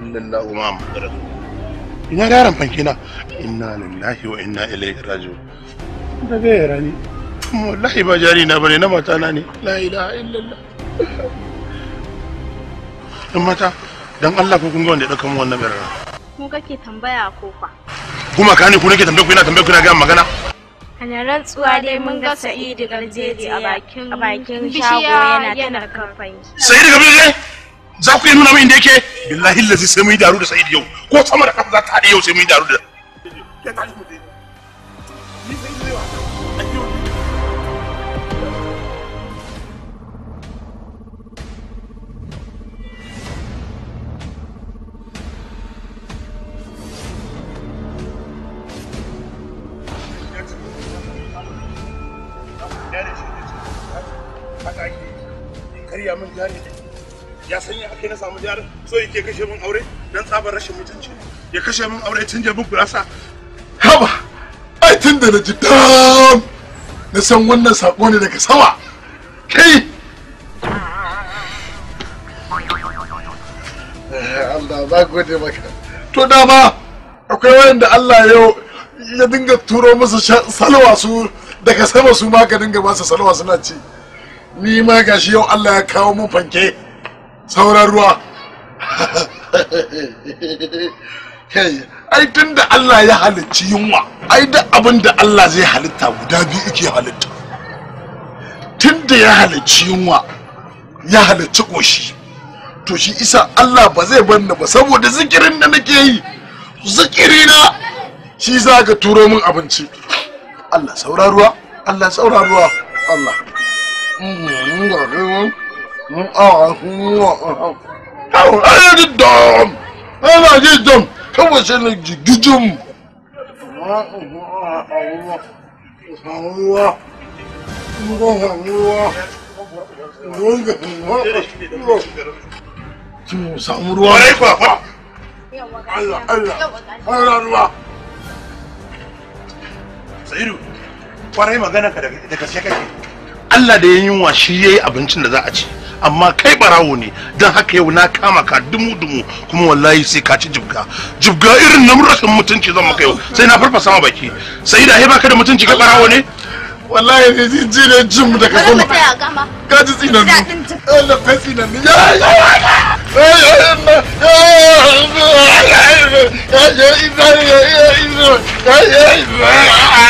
illallah wa yaran ina fanke na inna lillahi wa inna ilaihi raji'un da ga yara ne wallahi ba jari na bane na mata na ne la ilaha illallah in mata dan Allah ko kun ga wanda ya dauka mu wannan birra mu kake tambaya ko fa kuma ka ne ku nake tambaye ku ina tambaye ku ina ga magana Ana rantsuwa dai mun ga Sa'idu Garjeji a bakin bishiya yana tana kamfani. Sa'idu Garjeji? za ku iya nuna min inda yake billahi lazi sai mun yi daru da sa'id yau ko sama da kafa za ta haɗe yau sai mun yi daru da Yeah, I'm gonna get it. ya san ya kai na samu jari so yake kashe min aure dan tsabar rashin mutunci ya kashe min aure tun da mun gurasa haba ai tun da na ji dam na san wannan sako ne daga sama kai eh, Allah ba gode maka to dama akwai wanda Allah yau ya dinga turo musu salwa su daga sama su ma ka dinga ba su salwa suna ci ni ma gashi yau Allah ya kawo mun fanke sauran ruwa ai tun da Allah ya halicci yunwa ai da abin da Allah zai halitta guda biyu yake halitta tun da ya halicci yunwa ya halicci ƙoshi to shi isa Allah ba zai banna ba saboda zikirin da nake yi zikirina shi za ka turo min abinci Allah saura ruwa Allah saura ruwa Allah mm, Àwọn ayé Allah da gaske kake. ya yi shi ya yi abincin da za a ci. amma kai barawo ne don haka yau na kama ka dumu dumu kuma wallahi sai ka ci jibga jibga irin na rashin mutunci zan maka yau sai na farfa sama baki sai da baka da mutunci kai barawo ne wallahi ne ji ji ne jin mu da ka kuma ka ji tsinan mu Allah ka tsinan mu ya ya ya ya ya ya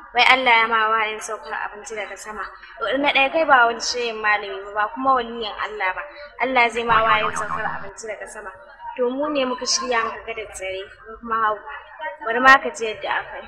wai Allah ya ma wayin saukar abinci daga sama to na ɗaya kai ba wani shirin malami ba ba kuma waliyin Allah ba Allah zai ma wayin saukar abinci daga sama to mu ne muka shirya muka ga da tsare kuma hau bari ma ka ji yadda aka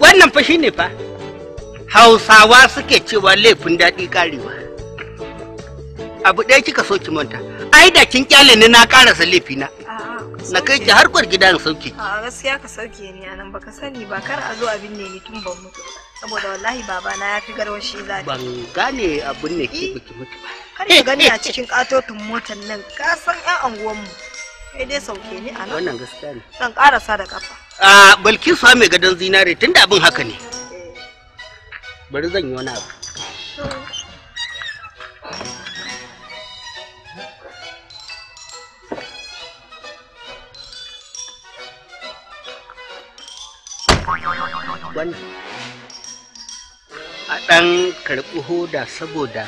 wannan fa shine fa hausawa suke cewa laifin daɗi karewa abu ɗaya kika so ki manta ai da kin kyale ni na karasa laifina na kai ki har gida na sauke a gaskiya ka sauke ni a nan baka sani ba kar a zo abin ne ni tun ban mutu saboda wallahi baba na ya fi garwashi zafi ban gane abin ne ki baki mutu ba kar ka gani a cikin katotin motar nan ka san yan anguwan mu Kai dai sauke ni a nan. Wannan gaskiya ne. karasa da kafa. A balki mai gadon zinare tunda abin haka ne. Bari zan yi wani A ɗan karɓi hoda saboda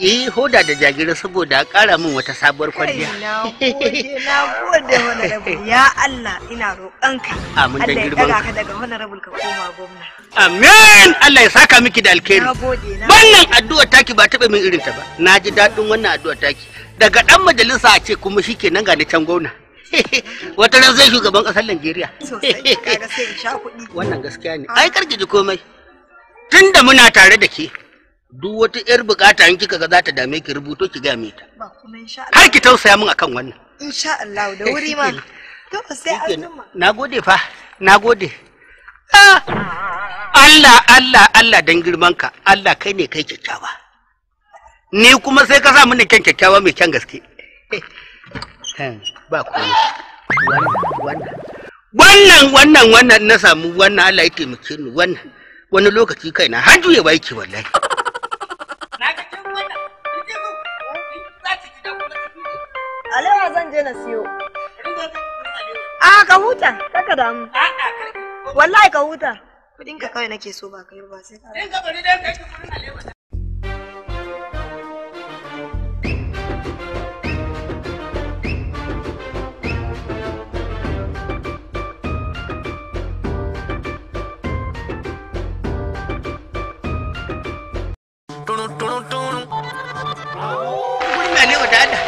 Eh hoda da jagira saboda ƙara min wata sabuwar kwalliya. Na gode, na gode Ya Allah, ina roƙonka. Amin da girman. Allah ya ka daga honorable ka koma gwamna. Amin! Allah ya saka miki da alkhairi. Na gode, na Wannan addu'a taki ba taɓa min irin ta ba. Na ji daɗin wannan addu'a taki. Daga ɗan majalisa a ce kuma shi kenan ga ni can gwamna. Wata ran zai shugaban ƙasar Najeriya. Sosai, kaga sai in sha kuɗi. Wannan gaskiya ne. Ah. Ai karki ji komai. Tunda muna tare da ke. duk wata yar bukata in kika ga za ta dame ki rubuto ki ga mai ta ba kuma insha Allah har ki tausaya min akan wannan insha Allah da wuri ma to sai an nagode fa nagode ah! Allah Allah Allah dan girman ka Allah kai ne kai kyakkyawa ni kuma sai ka sa mini kyan kyakkyawa mai kyan gaske eh, ba ku wannan wannan wannan wannan na samu wannan Allah ya taimake ni wannan wani lokaci kaina har juya baki wallahi je na siyo. A ka huta, kaka damu. Wallahi ka huta. Kudin ka kawai nake so ba kai ba sai ka. In ka bari dai kai kudin alewa. Tunu tunu tunu. Kudin alewa da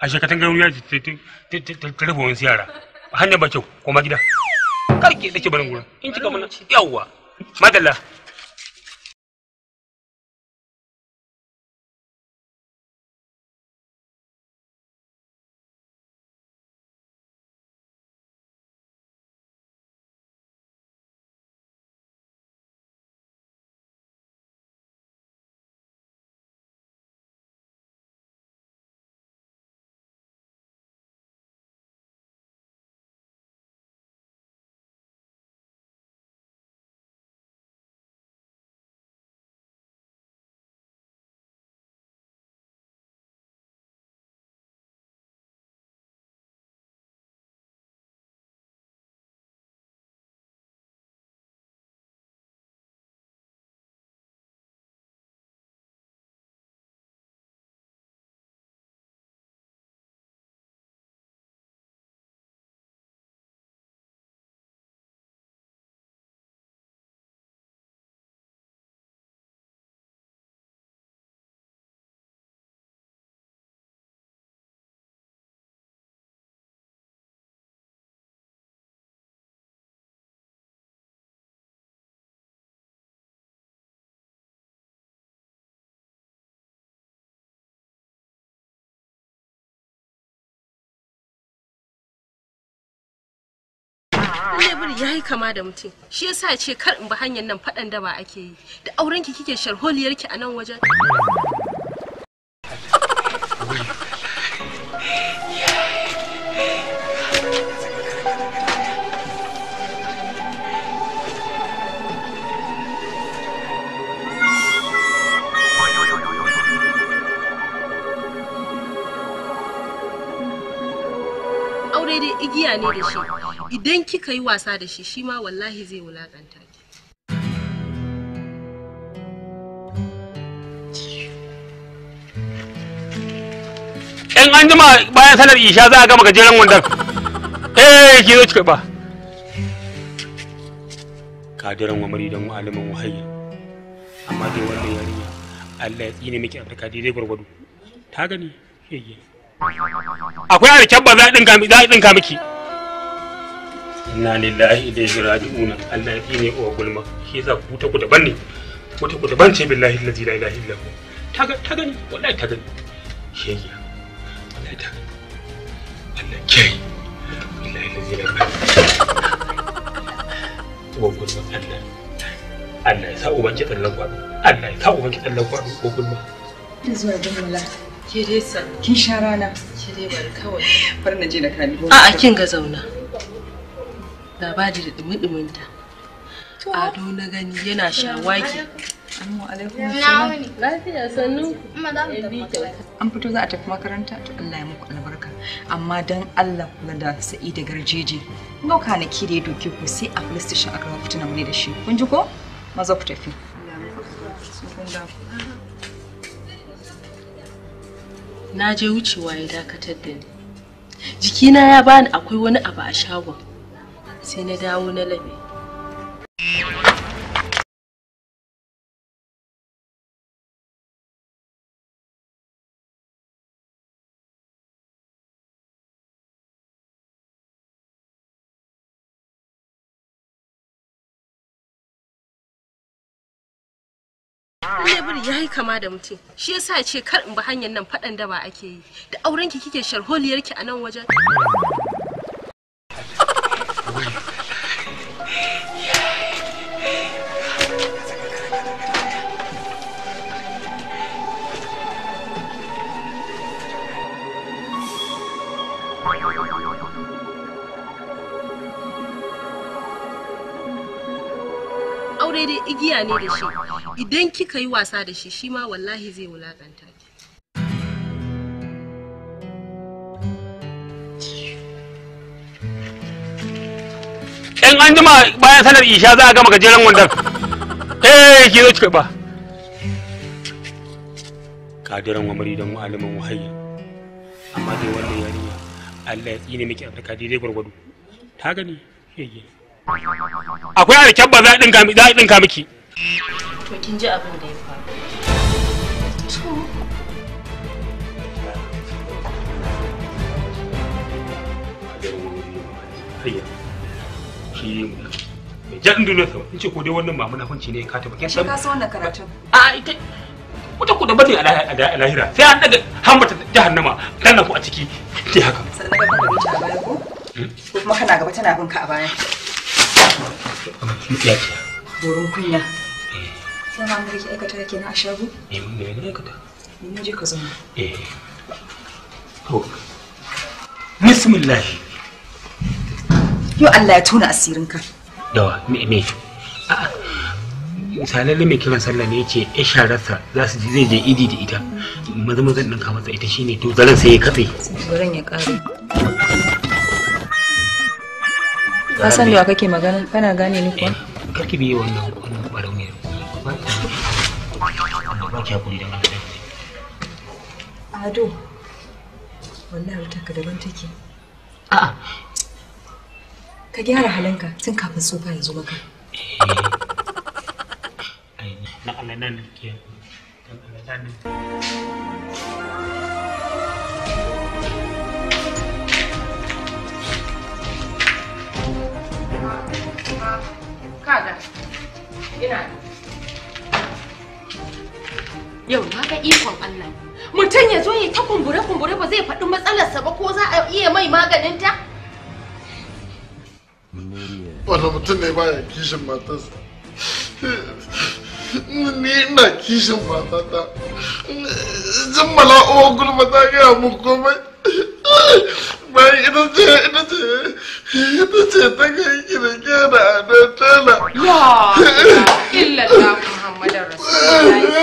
a shekatan garin yaji ta rufe wani siyara hanyar ba kyau koma gida karki da ke barin gurin in kika mana yawwa madalla lebur ya yi kama da mutum shi yasa ce kar in bi hanyar nan faɗan da ba ake yi da auren ki kike sharholiyar ki a nan wajen aure igiya ne da shi idan kika yi wasa da shi shi ma wallahi zai wulaƙanta ki in an jima bayan sanar isha za a gama gajeren wandon eh ki zo ki ba kadiran wamari don malamin wahayi amma dai wannan yarinya Allah ya tsine miki afirka daidai gwargwado ta gani shege akwai alkyabba za a ɗinka miki inna lillahi ilaihi raji'un Allah ya ne uwa gulma shi yasa ku ta ku daban ne ta ku daban ce billahi allazi la ilaha illa hu ta gani wallahi ta gani shege wallahi ta gani Allah kai billahi allazi la ilaha uwa gulma Allah Allah ya sa uban ki tsallan kwado Allah ya sa uban ki tsallan kwado uwa gulma zuwa jumla ke dai sa kin sha rana ke dai bar kawai bar na je da kani a'a kin ga zauna ga baji da dumi ado na gani yana shawaki an fito za a tafi makaranta to Allah ya muku albarka amma don Allah kula da sa'i da garjeje kun ga kwanaki da ya doke ku sai a playstation aka rawa fitina mune da shi kun ji ko maza ku tafi na je wucewa ya dakatar da ni jikina ya bani akwai wani abu a shagon sai na dawo na labe lebur ya yi kama da mutum shi yasa ce kar in bi hanyar nan faɗan da ba ake yi da aurenki kike sharholiyarki a nan wajen daidai igiya ne da shi idan kika yi wasa da shi shi ma wallahi zai wulaƙanta. ki in an jima bayan sanar isha za a gama gajeren wandan. eh ki zo ki karba kadiran wamari don malamin wahayya amma dai wannan yarinya Allah ya tsine miki afirka daidai gwargwado ta gani yayye akwai ba za a ɗinka miki to kin ji abin da ya faru hayya shi mai in ce ko dai wannan ba munafunci ne ka tabbata shi ka so wannan karatun a ita wata ku batun a lahira sai an daga hambata jahannama ranar ku a ciki ke haka sannan ka a baya ko hmm? kuma kana gaba tana bin ka a baya Mutlakiya. Doron Yo Allah ya tona asirinka. Yawa, me me. A'a. misalan mai kiran sallah ne yace ya shararsa za su ji zai je idi da ita maza mazan ɗin kamata ita shine to zaran sai ya katse. Zaran ya ƙare. ka san da kake magana kana gane ni kuwa eh, karki biye wannan wannan barau ne ba ki hakuri da ado wannan wutar ka daban take a'a ka gyara halinka tun kafin sofa ya zo maka eh, na Allah nan ke na Allah nan kaga ina yau na ga ikon Allah mutum ya zo ya ta kumbure kumbure ba zai faɗi matsalarsa ba ko za a iya mai maganin ta wanda mutum ne baya kishin matarsa ni ina kishin matata jin mala'uwa gulma ta gaya mun komai bayan ina ce ina ce ta ce ta kai kirke da ta la illallah muhammadin rasulullahi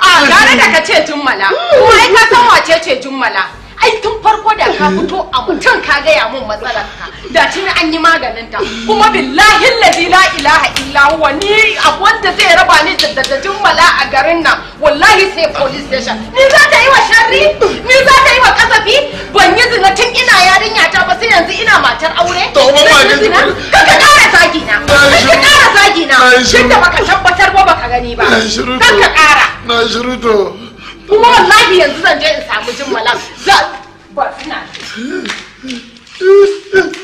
a ah, gare da ka ce jummala kuma ai ka san wace ce jummala ai tun farko da ka fito a mutum ka gaya mun matsalar da tuni an yi maganin ta kuma billahi lazi la ilaha illa huwa ni a wanda zai raba ni da dadajin mala a garin nan wallahi sai police station ni za ta yi wa sharri ni za ta yi wa kasafi ban yi zina tun ina yarinya ta ba sai yanzu ina matar aure to ba ma ga zina ka kara zagi na ka kara zagi na shin da baka tabbatar ba baka gani ba ka kara na shiruto kuma wallahi yanzu zan je in samu jin mala za ba ina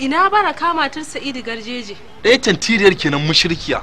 ina bara kama tun sa'idu garjeje ɗaya tantiriyar kenan mushrikiya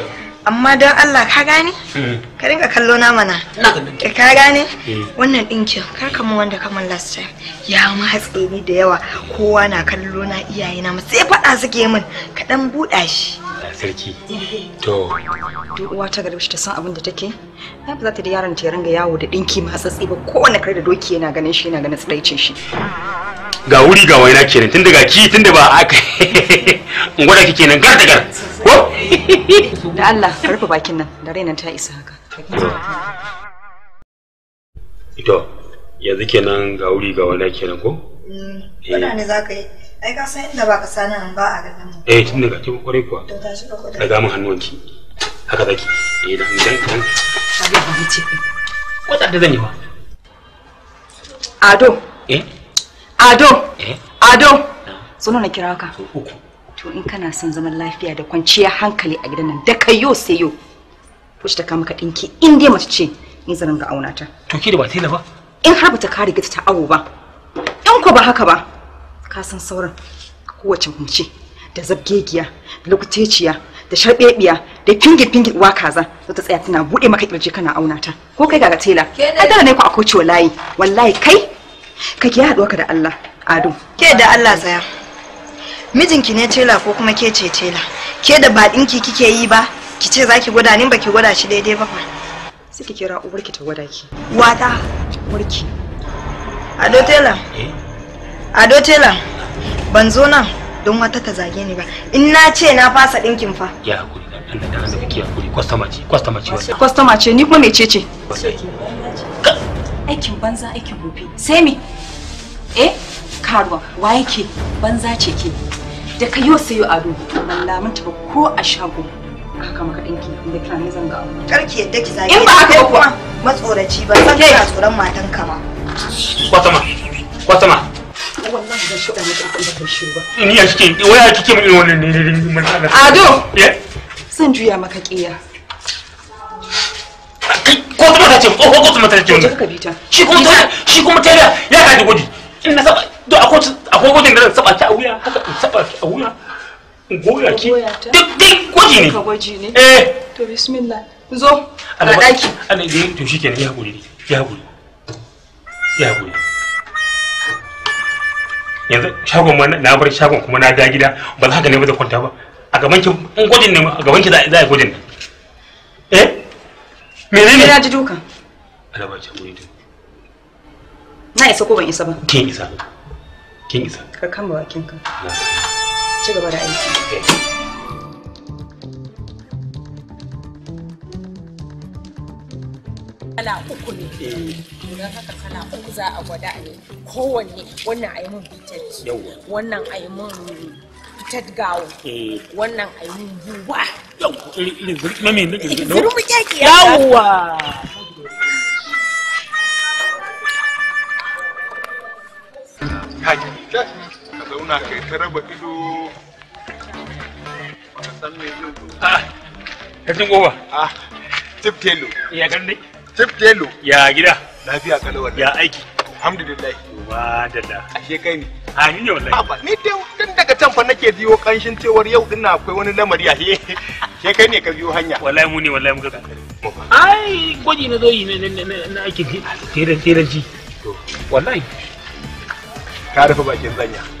amma don Allah ka gane hmm. ka dinga kallo na mana eh, ka gane hmm. wannan ɗinkin ka wanda kaman last time ya matse ni da yawa kowa na kallo na iyaye na sai faɗa suke min ka dan buɗa shi sarki eh. to duk uwa ta garbi ta san abin da take na ba za ta da yaron ta ringa yawo da ma tsatsi ba kowane kare da doki yana ganin shi yana ganin tsiraicin shi ga wuri ga waina kenan tun daga ki tun da ba aka gwada kike nan gar da gar ko da Allah rufe bakin nan da rainan ta isa haka ito yanzu kenan ga wuri ga wala kenan ko Kana mm, ne za ka yi ai ka san inda ba ka sani an ba a garin mu eh tun daga kin kwarai kuwa to tashi ka kwada daga mun hannuwanki haka zaki eh dan dan dan abin da ni ce Kwata da zan yi ba ado eh ado eh ado sunan ah. na kira ka uku to in kana son zaman lafiya da kwanciya hankali a gidan nan da yo sai yo wacce ta kama ka dinki in dai mace ce in zan ga auna ta to ki da ba tela ba in har bata kare gita ta awo ba in ko ba haka ba ka san sauran kowace mace da zabgegiya da lokuteciya da sharbebiya da fingi fingi uwa kaza za ta tsaya tana bude maka kirje kana auna ta ko kai ga ga tela ai da ne ku akwai ciwo layi wallahi kai ka ki haɗuwa ka da Allah ado ke da Allah tsaya mijinki ne tela ko kuma ke ce tela ke da ba ɗinki kike yi ba ki ce za ki gwada ni ba ki gwada shi daidai ba sai ki kira uwarki ta gwada ki wata uwarki ado tela eh? ado tela ban zo nan don wata ta zage ni ba in na ce na fasa ɗinkin fa ya hakuri Allah ta Allah kike hakuri kwastama ce kwastama ce wannan kwastama ce ni kuma ce aikin banza aikin gobe sai me eh karuwa waye ke banza ce ke da ka yi yo sayo ado wallah mun taba ko a shago haka maka dinki da kira ne zan ga abu karki yadda ki zage in ba haka ba kuma matsoraci ba san kana tsoron matan ka ma kwatama kwatama wallahi zan shuɗa miki abin da kai shi ba ni ya kike waya kike min wannan ne ne mun ado eh? zan juya maka kiya ko kuma ta ce ko oh, ko kuma ta ce shi kuma ta shi kuma ta ya ka ji gudi in na saba to akwai gwajin da zan saba ki a wuya haka in saba ki a wuya in goya ki duk duk gwaji ne eh to bismillah zo a daki ana dai to shikenan ya hakuri ya hakuri ya hakuri yanzu shagon ma na bar shagon kuma na da gida ba za ka ne ba da kwanta ba a gaban ki in gwajin ne a gaban ki za a yi gwajin eh menene ya ji duka alaba ce guri na isa ko ban isa ba kin isa kin isa ka kama bakinka ci gaba da aiki kala uku ne eh. don haka kala uku za a gwada ne kowanne wannan a yi mun bitet wannan ayi yi mun bitet gawo eh. wannan ayi yi mun buwa yawwa irin zurmi ne yawwa zauna kai ta ba ido san me zai zo ah kacin goba ah tip telo ya gande tip telo ya gida lafiya kalawar ya aiki alhamdulillah wa dalla ashe kai ne a ni ne wallahi ni dai tun daga can fa nake biyo kanshin cewar yau din akwai wani lamari a he ke kai ne ka biyo hanya wallahi mu ne wallahi muka kankare ai gwaji na zoyi ne na aiki tseren tseren ci wallahi ka rufe bakin zanya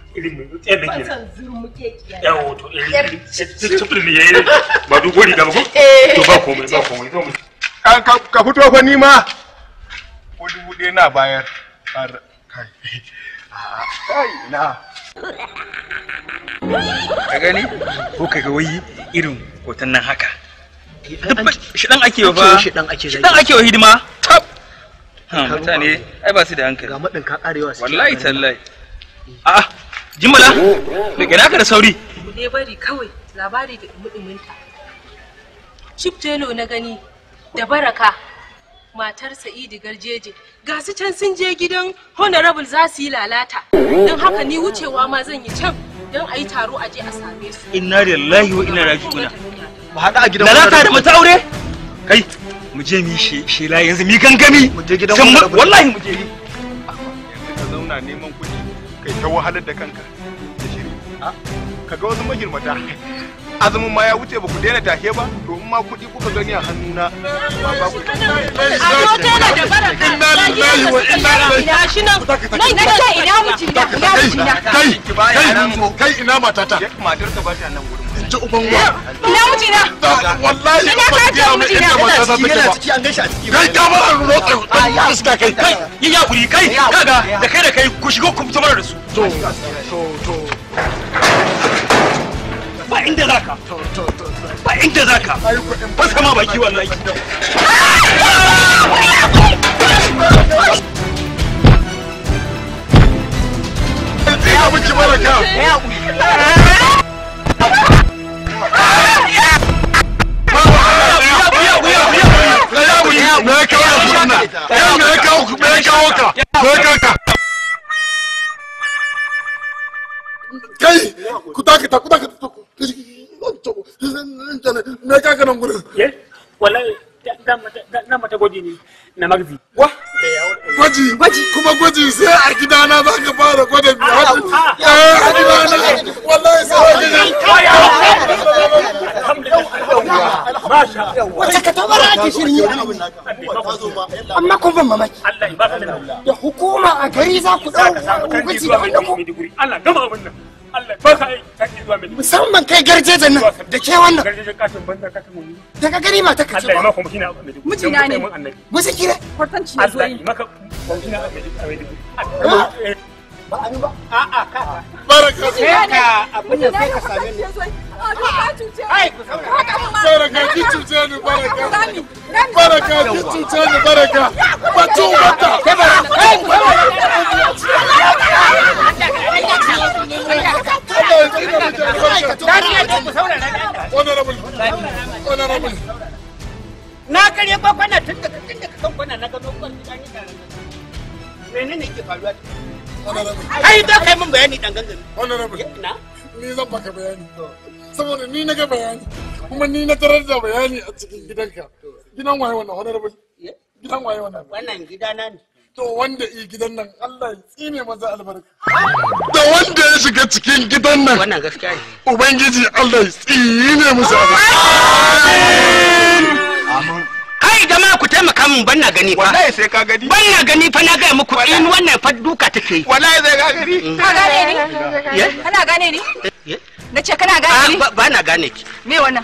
irin to ba ba ko? Eh. To ba komai ba komai. Ka fito fa ni ma. Ko dubu ɗaya na bayar. Kai. Kai na. Ka gani? Ko ka ga irin hoton nan haka. Shidan ake wa ake wa hidima. Tab. Mutane ai ba su da hankali. Ga maɗin ka Wallahi tallahi. Eh. A'a Jimala, da kira ka da sauri. Ne bari kawai labari da dumudumunta. chief Jelo na gani da baraka matar Sa'idu Garjeje ga su can sun je gidan Honorable za su yi lalata. Don haka ni wucewa ma zan yi can don a yi taro a je a same su. Inna lillahi wa inna raji'una. Ba haɗa a gidan Lalata da mata aure? Kai, mu je mi shela yanzu mi gangami. Mu je gidan Wallahi mu je. Yanzu ka zauna neman kuɗi. kai ta wahalar da kanka da shiri ah. ka ga wasu magirmata azumin ma ya wuce ba ku daina take ba to in ma kuɗi kuka gani a hannuna ba ba ku inna ina mijina ina mijina kai kai kai ina matata matar ta ji uban wa ina mijina wallahi ina ka ce mijina ina ciki yana ciki an gaishe a ciki kai ka bar ruwa kai iska kai kai yi yakuri kai kaga da kai da kai ku shigo ku da su to to to ba inda za ka ba inda za ka ba sama baki wallahi Ya wuce baraka. Ya wuce. Me ya kawo ka? Me ya kawo ka? kai ku dakata ku ka na na wa a za ka fara ah, ah. Eh, a gidana wallahi sai a gidana ah, masha da Allah musamman kai garjejen nan da ke wannan daga gari ma ta kace ba na ne musu kire kwartanci ne ba a ba a'a ka baraka ka abin da sai ka same ni cuce ni baraka cuce ni baraka batu bata baraka Na karye bakwana tun da tun da kan kwana na gano kwan da ni tare. Menene yake faruwa? Ai da kai mun bayani dan gangan. Honorable. Na? Ni zan baka bayani. Saboda ni na ga bayani. Kuma ni na tarar da bayani a cikin gidanka. Gidan waye wannan honorable? Eh? Gidan waye wannan? ne. to wanda i gidan nan Allah ya tsine maza albarka da wanda ya shiga cikin gidan nan wannan gaskiya ne ubangiji Allah ya tsine musu albarka kai jama'a ku taimaka min ban na gani fa wallahi sai ka gani ban na gani fa na ga muku in wannan fa duka take wallahi sai ka gani mm. ka gane ni kana gane ni Eh? na ce kana gane ah, ni ba na gane ki me wannan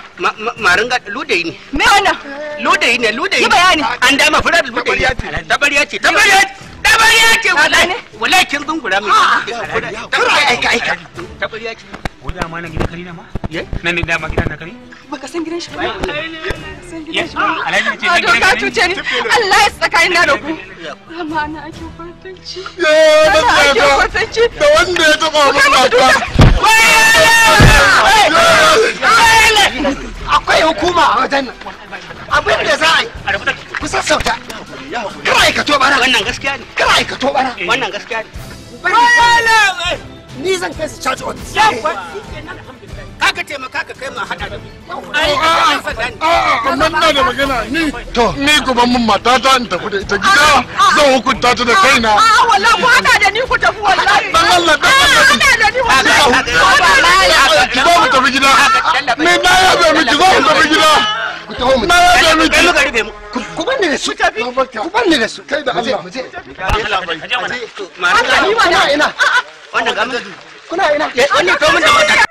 marin ga ludayi ne me wannan ludayi ne ludayi yi bayani an dama fura da ludayi tabariya ce tabariya tabariya ce wallahi wallahi kin zungura mai tabariya aika aika tabariya ce ko ma na kari na ma ye Na ne dama eh? gidan na kari? baka san gidan shi ba san gidan shi ba alhaji ce gidan ka tuce ni Allah ya tsakanin na da ku amma ake ya ba ta da wanda ya taba mun akwai hukuma a wajen abin da za a yi kusa sassauta kar aikato bara wannan gaskiya ne kar aikato bara wannan gaskiya ne ni zan kai su charge kaka taimaka ka kai ma hada da amma ina da magana ni to ni kuma mun ta in tafi da ita gida zan hukunta ta da kaina a wallahi ku hada da ni ku tafi wallahi dan Allah dan Allah hada da ni wallahi ki zo mu tafi gida ni na yabe miki zo mu tafi gida ku taho mu na yabe miki ku banne da su ku banne su kai da Allah mu je Allah ni wannan ina wannan gamu kuna ina wannan kawo mun da